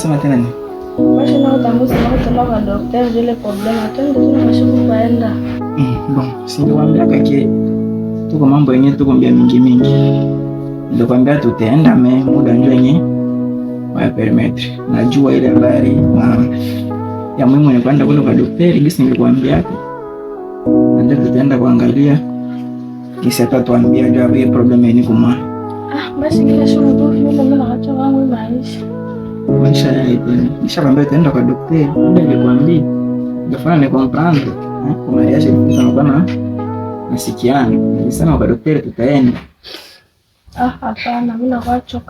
unasema tena nini? Mm, Sindikwambia kake tuko mambo yenyewe tukombia mingi mingi, ndokwambia tutaenda me muda njo yenye waya perimetri. Najua ile habari ya muhimu ni kwenda kule kwa daktari, gisi nilikwambia ndio tutaenda kuangalia gisi atatuambia juu ya problem yenyewe ah, kuma maisha mishara itaenda kwa daktari, muda ni eh, nasikiana nilisema kwa daktari tutaenda. Ah, hapana mimi kwetu.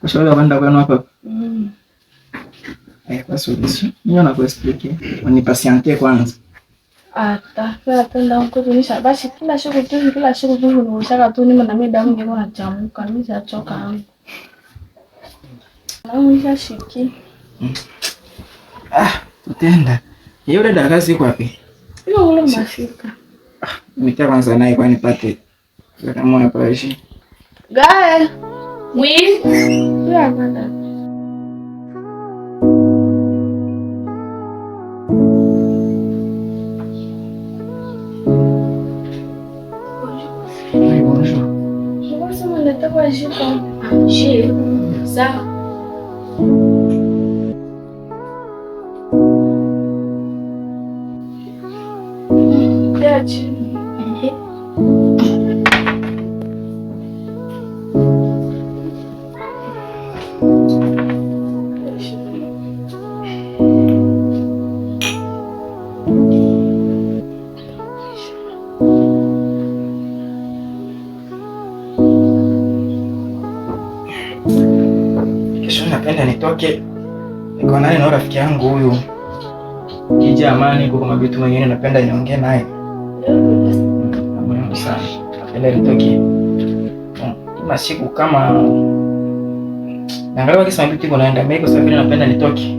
Kwa sababu kwenda kwenu hapa. Mm. Eh, basi mimi Unipatiente kwanza. Atafe atenda huko tunisha. Basi kila siku tu kila siku tu nikushaka tu nimo na mimi damu niko nachamuka, mimi siachoka hapo. Na mimi sashiki. Ah, utenda. Yeye yule dada kazi iko wapi? Yule yule mashika. Ah, mita kwanza naye kwani pate. Kana moyo pale. Gae. Mwi. Yule ananda. She sa Dutch. wangu huyu Kija Amani kwa kama vitu mengine napenda niongee naye muhimu sana, napenda nitoke siku kama naangalia kisa tiko naenda mimi, kwa sababu napenda nitoke,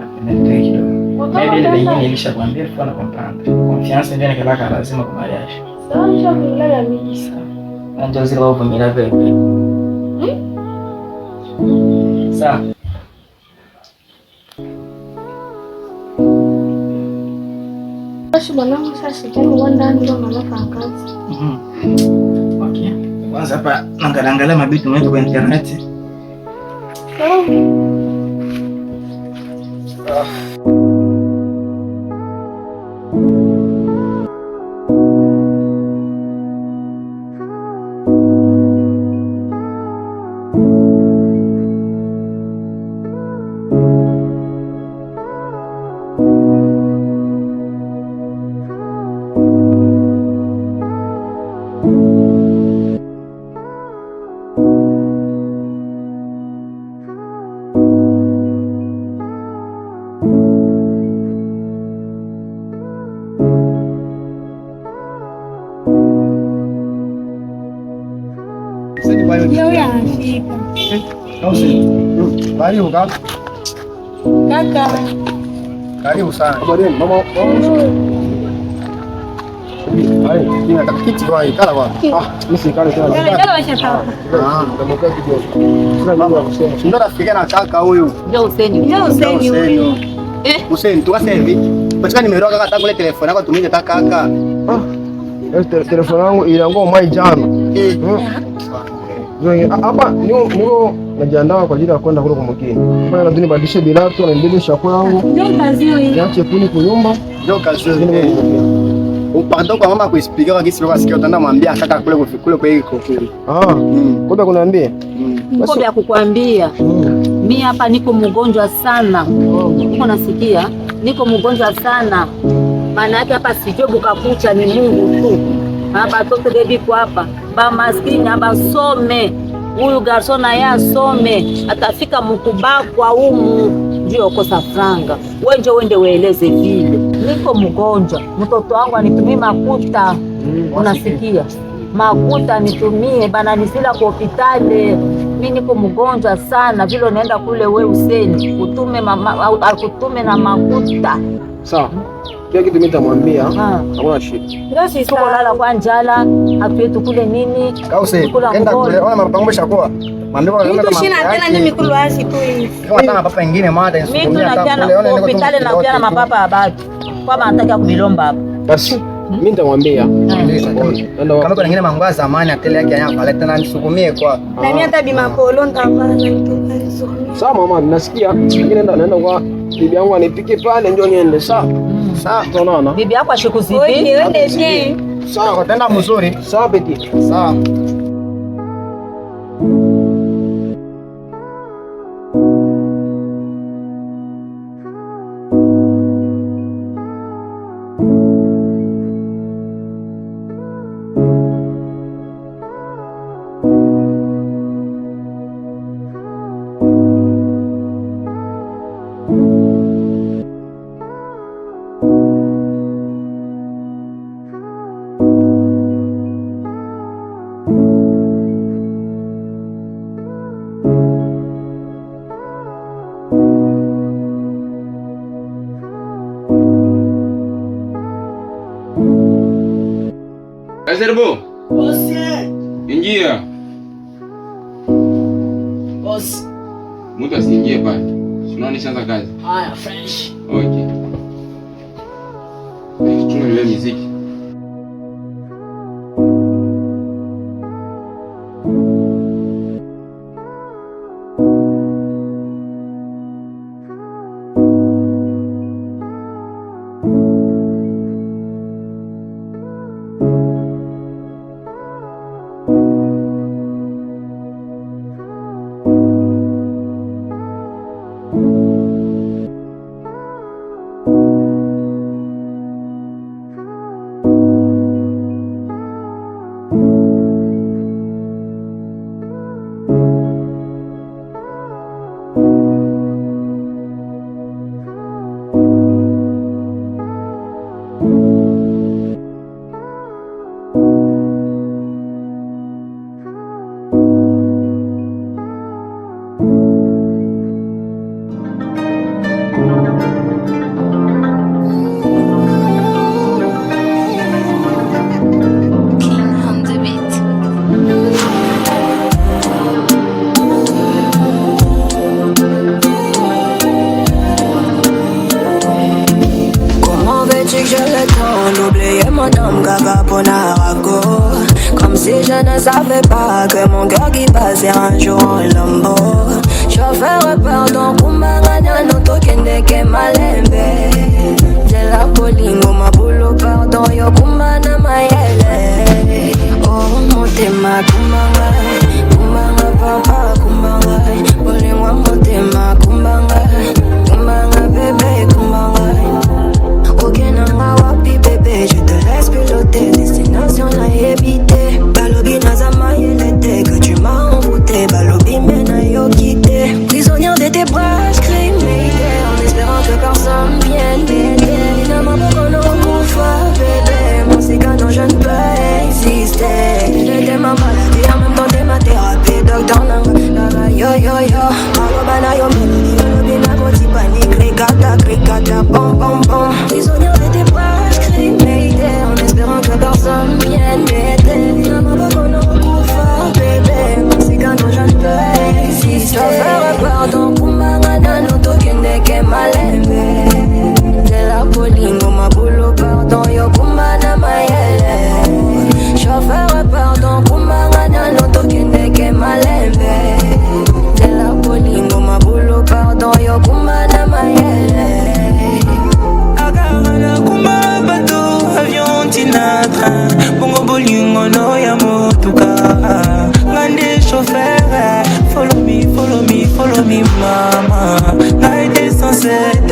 napenda nitoke kidogo. Maybe ile nilisha nilishakwambia kwa na kumpanda. confiance ndio nikalaka lazima kwa mariage. Sasa kulala mimi sasa. Ndio zile wapo mira vipi? Hmm? Sawa. Mhm. Okay. Kwanza hapa angalia mabitu mwetu kwa internet. Oh. Hmm. Karibu kaka. Kaka. Karibu sana. Ah, ah, Ndo nafikia na kaka huyu Huseni, tukasema hivi patikana, nimeroa kaka, tangu ile telefoni yako tumike kaka. Ah, eh, telefoni yangu ilianguka mai jana. Eh. Hmm hapa niko najiandaa kwa ajili ya kwenda kule kumkia. Bwana lazima nibadilishe bila tu na nibebe chakula yangu. Ndio kazi hiyo. Niache kuni kwa nyumba. Ndio kazi hiyo. Upande kwa mama kuispika kwa kisi kwa sikio tena mwambia kaka kule kule kwa hiyo kule. Ah. Kumbe kunaambia? Mm. Kumbe akukwambia. Mimi mm. hapa niko mgonjwa sana. Niko nasikia niko mgonjwa sana. Maana yake hapa sijobu kakucha ni Mungu tu abatoto bebiko hapa bamaskini abasome, huyu garson naye asome, atafika mukubakwa umu juu yokosa franga. Wenje wende weeleze vile niko mgonjwa, mtoto wangu anitumie makuta, mm. unasikia makuta nitumie bana nisila kwa hospitali. mi niko mgonjwa sana, vile naenda kule we useni utume mama, akutume na makuta sawa. Kila kitu mimi nitamwambia. Ah. Hakuna shida. Ndio sisi tuko lala kwa njala, hatuetu kule nini? Kause, kenda kule ona mapango shakoa. Mambo kama kama. Mimi tena mimi kulu asi tu hivi. Kwa tana papa nyingine mada inasukumia kule ona niko hospitali na pia na mapapa abaki. Kwa maana nataka kumilomba hapa. Basi mimi nitamwambia. Hmm. Kama kuna nyingine mangwa zamani atele yake yanapa leta na nisukumie kwa. Na mimi hata bima ah. polo nitafanya nitoka. Sawa mama, nasikia. Nyingine ndo anaenda kwa bibi yangu anipike pale, njoo niende. Sawa mm. sawa, tunaona bibi yako ashikuzipi. Sawa, tenda mzuri. Sawa, beti. Sawa. Karibu. Bosi. Ingia. Bosi. Mtu asiingie bana. Unaonesha kazi. Haya, fresh. malembe jela kolingo mabulu pardon yokumba na mayele o oh, motema kumbanga kumbanga papa kumbanga bolingwa motema kumbanga kumbanga bebe kumbanga okenanga wapi bebe je te laisse piloter destination nayebi te me, mama. Like this, I said.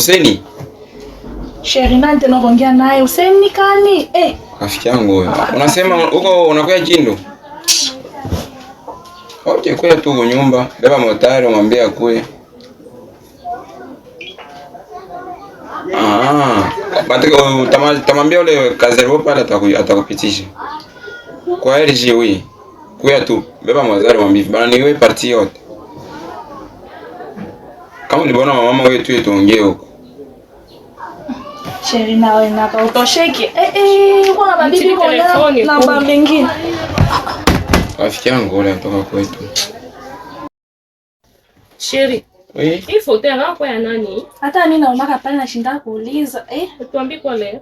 Huseni. Sherinante naongea naye Huseni kani? Eh. Rafiki yangu wewe. Ah. Unasema huko unakuja Kindu? Oje kwa tu nyumba, beba motari umwambie akue. Ah, matiko tamwambia ule kazero pale atakupitisha. Kwa LG oui. Kuya tu, beba motari umwambie bana niwe parti yote. Kama uliona mama wetu yetu ongee huko. Sherina inakautosheki eh, eh, huwa nabadili kwa namba nyingine. Rafiki yangu yule anatoka kwetu. Sheri. Oui. Hii foto yako ya nani? Hata mimi naomba pale nashinda kuuliza eh, tuambie kwa leo.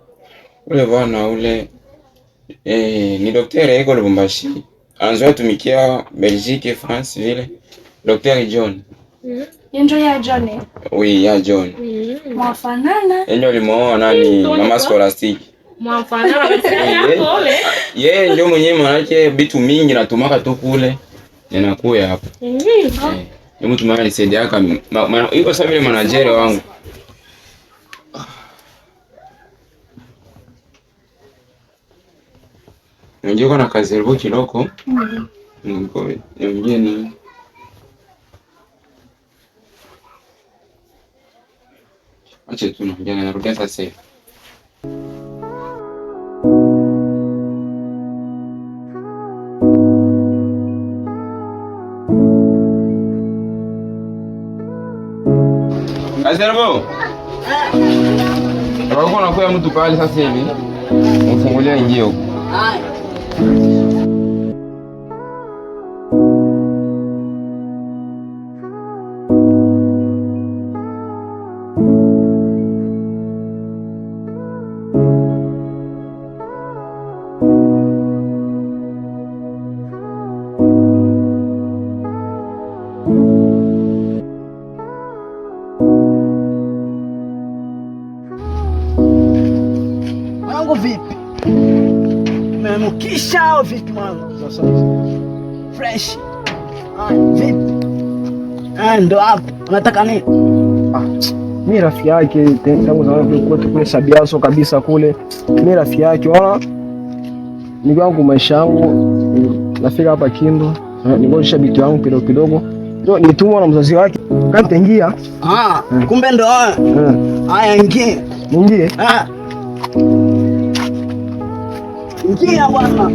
Ule bwana ule eh, ni daktari yako eh, Lubumbashi. Anzoea tumikia Belgique, France vile. Daktari John. Mhm. Mm Yenjo ya John. Oui, ya John. Mm-hmm. Mwafanana. Yenjo limuoa nani? Mama Skolastiki. Mwafanana kule. Yeye ndio mwenyewe manake bitu mingi natumaka tu kule. Ninakuya hapo. Mhm. Yeye mtu mara nisaidia aka iko sasa vile manager wangu. Unajua kuna kazi elbo kiloko. Mhm. Niko mjini. Acha tu naongea, narudia sasa hivi. Uko nakuya mtu pale sasa hivi, mfungulia ingie huko. Shao vipi mwangu sasa fresh. ndo hapo. Unataka nini? Ah, rafiki yake tangu zamani tulikuwa tukule shabiaso kabisa kule. Mimi rafiki yake wala niko wangu maisha yangu nafika hapa Kindu. Eh, niko shabiki wangu kidogo kidogo. Ndio nitumwa na mzazi wake. Kati ingia. Ah, kumbe ndo haya. Eh. Haya ingie. Ingie. Ah. 你这样问吗？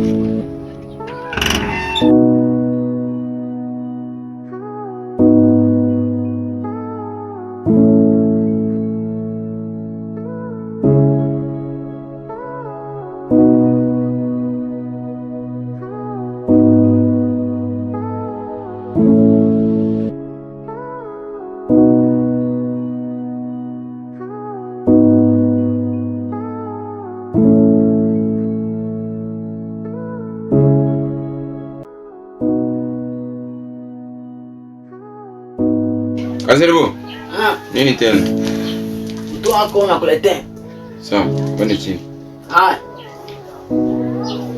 Kazaribu. Ah. Nini tena? Mtu wako nakuletea. Sawa, pande chini. Haya.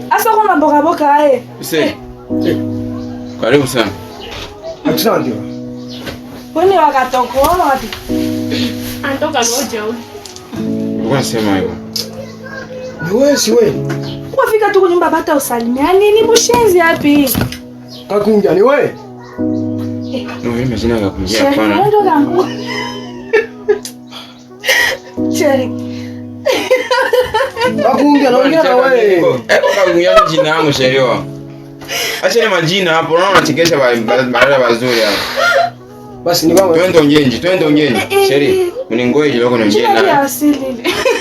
Asa kuna boka boka aye. Mse. Eh. Eh. Karibu sana. Akisema ndio. Wewe wakatoko wapi? Antoka moja huko. Uko nasema hivyo. Ni wewe si wewe. Kwa fika tu kwa nyumba bata usalimia. Nini mshenzi hapi? Kakunja ni wewe. Jina yangu Sherewa. Acha ni majina hapo, unaona unachekesha badala wazuri hapo. Basi ni baba. Twende unjenji, twende unjenji. Sheri, mningoje leo kuna unjenji. Jina asili.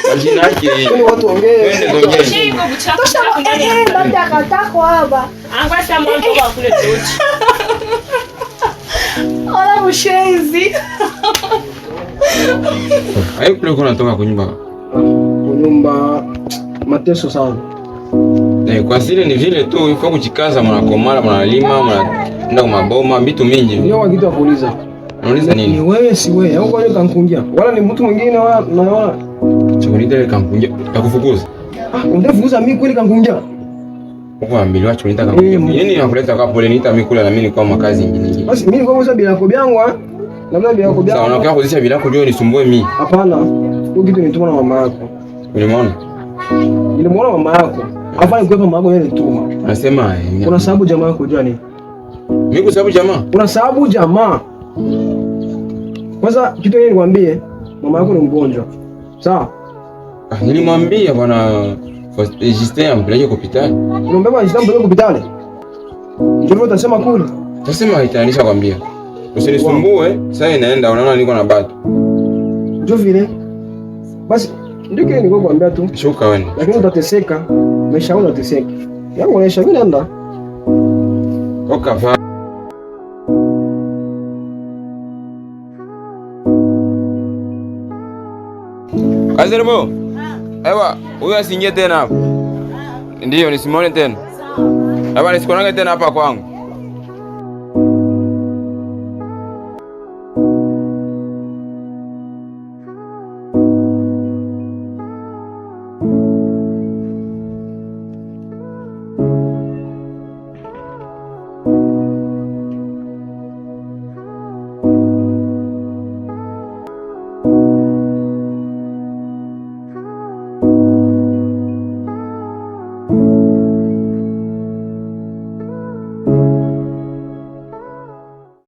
Majina yake yeye. Kuna watu ongee. Twende unjenji. Sheri kwa buchaka. Tosha, eh, labda akatakwa hapa. Angwasa mwanzo kwa kule tochi wala mshenzi. Hayo kule kuna toka natoka kunyumba. nyumba mateso sana. Eh, kwa sile ni vile tu yuko kuchikaza mnakomala mnalima mnaenda kwa maboma vitu mingi. Ndio wa kitu akuuliza. Unauliza nini? Ni wewe si wewe. Au kwa kankungia? Wala ni mtu mwingine wala naona. ile kankungia. Takufukuza. Ah, unataka kufukuza mimi kweli kankungia? Eh, Basi mimi kwa bilako byangwa kuzisha bilako ndio nisumbue mi. Hapana. Kwa kitu nituma na mama yako. Ulimuona? Nilimuona mama yako. Hapa ni mama yako yeye nituma. Anasema eh, Kuna sababu jamaa yako unajua nini? Mimi sababu jamaa. Kuna sababu jamaa. Kwanza kitu yeye nikwambie, mama yako ni mgonjwa. Sawa? Ah, nilimwambia bwana Justin ampeleke hospitali. Unambeba Justin ampeleke hospitali? Ndio vile utasema kule. Utasema itanisha kwambia. Usinisumbue, sasa inaenda unaona niko na bado. Ndio vile. Basi ndio kile niko kwambia tu. Shuka wewe. Lakini utateseka. Maisha yako utateseka. Yangu maisha vile anda. Toka fa. Kazi Azerbo. Ewa, huyo asiingie tena hapo. Ndiyo, nisimwone tena. Ewa, nisikuonage tena hapa kwangu.